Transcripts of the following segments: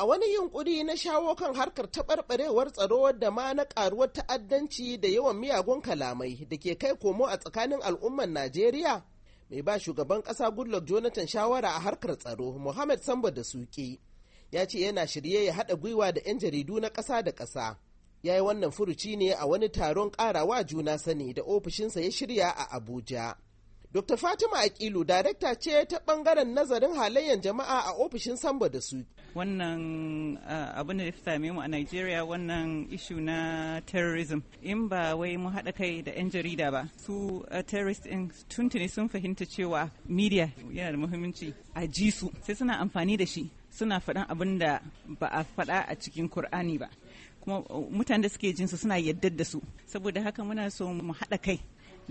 A wani yunkuri na shawo kan harkar taɓarɓarewar tsaro da ma na ƙaruwar ta'addanci da yawan miyagun kalamai da ke kai komo a tsakanin al'ummar Najeriya, mai ba shugaban ƙasa Goodluck Jonathan shawara a harkar tsaro Muhammad Sambo da Suki ya ce yana shirye ya haɗa gwiwa da 'yan jaridu na ƙasa da ƙasa. Ya yi wannan furuci ne a wani taron ƙarawa juna sani da ofishinsa ya shirya a Abuja. Dr. Fatima Akilu darakta ce ta bangaren nazarin halayyar jama'a a ofishin Samba da su. Wannan uh, abin da ya same mu a Nigeria wannan ishu na terrorism in ba wai mu haɗa kai da 'yan jarida ba. Su uh, terrorist in tuntuni sun fahimta cewa media yana da muhimmanci a ji su sai suna amfani da shi suna faɗan abin da ba a faɗa a cikin Kur'ani ba. Kuma uh, mutanen da suke jinsu suna yaddar da su. Saboda haka muna so mu haɗa kai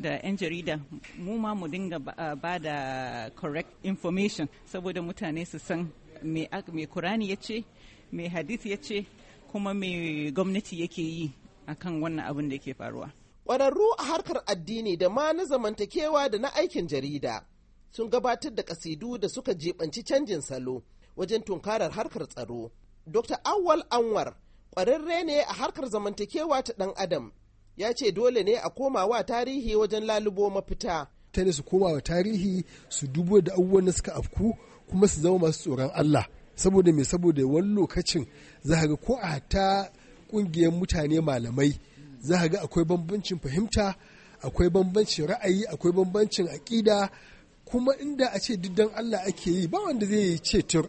da 'yan jarida mu ma mu dinga ba da correct information saboda mutane su san me kurani ya ce me hadith ya ce kuma me gwamnati yake yi akan wannan abin da ke faruwa ƙwararru a harkar addini da ma na zamantakewa da na aikin jarida sun gabatar da kasidu da suka jibanci canjin salo wajen tunkarar harkar tsaro dr awwal anwar ƙwararre ne a harkar zamantakewa ta ɗan adam ya ce dole ne a komawa tarihi wajen lalubo mafita. Mutane su komawa tarihi su dubo da abubuwan da suka afku kuma su zama masu tsoron Allah. Saboda mai saboda wani lokacin za ga ko a ta kungiyar mutane malamai za ga akwai bambancin fahimta akwai bambancin ra'ayi akwai bambancin aƙida kuma inda a ce diddan Allah ake yi ba wanda zai yi tur.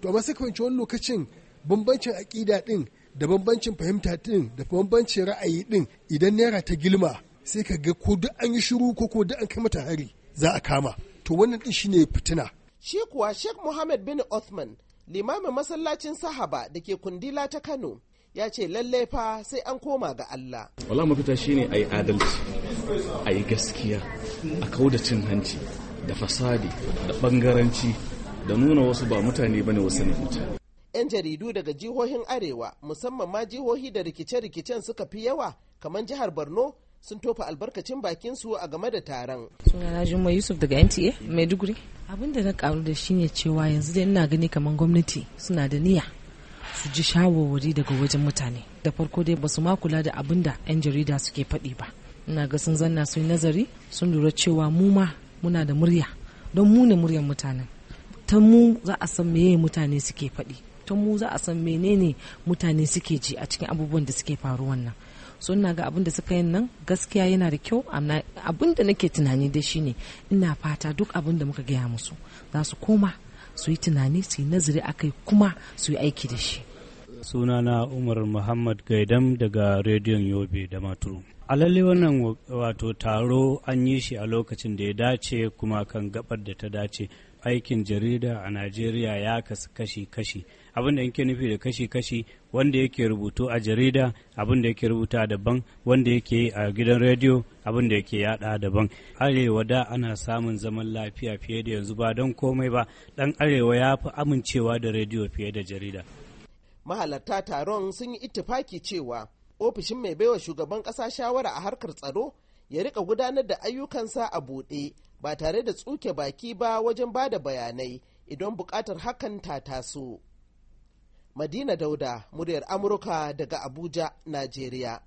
to amma sai wani lokacin bambancin aƙida ɗin. da bambancin fahimta din da bambancin ra'ayi din idan naira ta gilma sai ka ga ko duk an yi shiru ko ko duk an kai mata hari za a kama to wannan din shine fitina shi kuwa Sheikh Muhammad bin Othman limamin masallacin Sahaba da ke Kundila ta Kano ya ce lalle fa sai an koma ga Allah wala mafita shine ayi adalci ayi gaskiya a kauda cin hanci da fasadi da bangaranci da nuna wasu ba mutane bane wasu ne mutane 'yan jaridu daga jihohin arewa musamman ma jihohi da rikice-rikicen suka fi yawa kamar jihar borno sun tofa albarkacin bakin su a game da taron. Sunana Juma Yusuf daga NTA Maiduguri. Abin da na karu da shi ne cewa yanzu dai ina gani kamar gwamnati suna da niyya su ji shawarwari daga wajen mutane. Da farko dai basu ma kula da abin da 'yan jarida suke faɗi ba. Ina ga sun zanna su yi nazari sun lura cewa mu ma muna da murya don mu ne muryar mutanen. Ta mu za a san meye mutane suke faɗi. tun mu za a san menene mutane suke ji a cikin abubuwan da suke faru wannan so ina ga abin da suka yin nan gaskiya yana da kyau abin da nake tunani da ne ina fata duk abin da muka gaya musu za su koma su yi tunani su yi nazari akai kuma su yi aiki da shi sunana Umar Muhammad Gaidam daga Rediyon Yobe da Maturu. A lalle wannan wato taro an yi shi a lokacin da ya dace kuma kan gabar da ta dace. Aikin jarida a Najeriya ya kasu kashi-kashi. Abin yake nufi da kashi-kashi wanda yake rubutu a jarida abinda da yake rubuta daban wanda yake a gidan rediyo abin yake yada daban arewa da ana samun zaman lafiya fiye da yanzu ba don komai ba dan arewa ya fi amincewa da rediyo fiye da jarida mahalarta taron sun yi ittifaki cewa ofishin mai baiwa shugaban kasa shawara a harkar tsaro ya rika gudanar da ayyukansa a buɗe ba tare da tsuke baki ba wajen ba da bayanai idan buƙatar hakan ta taso. Madina Dauda, muryar Amurka daga Abuja, Najeriya.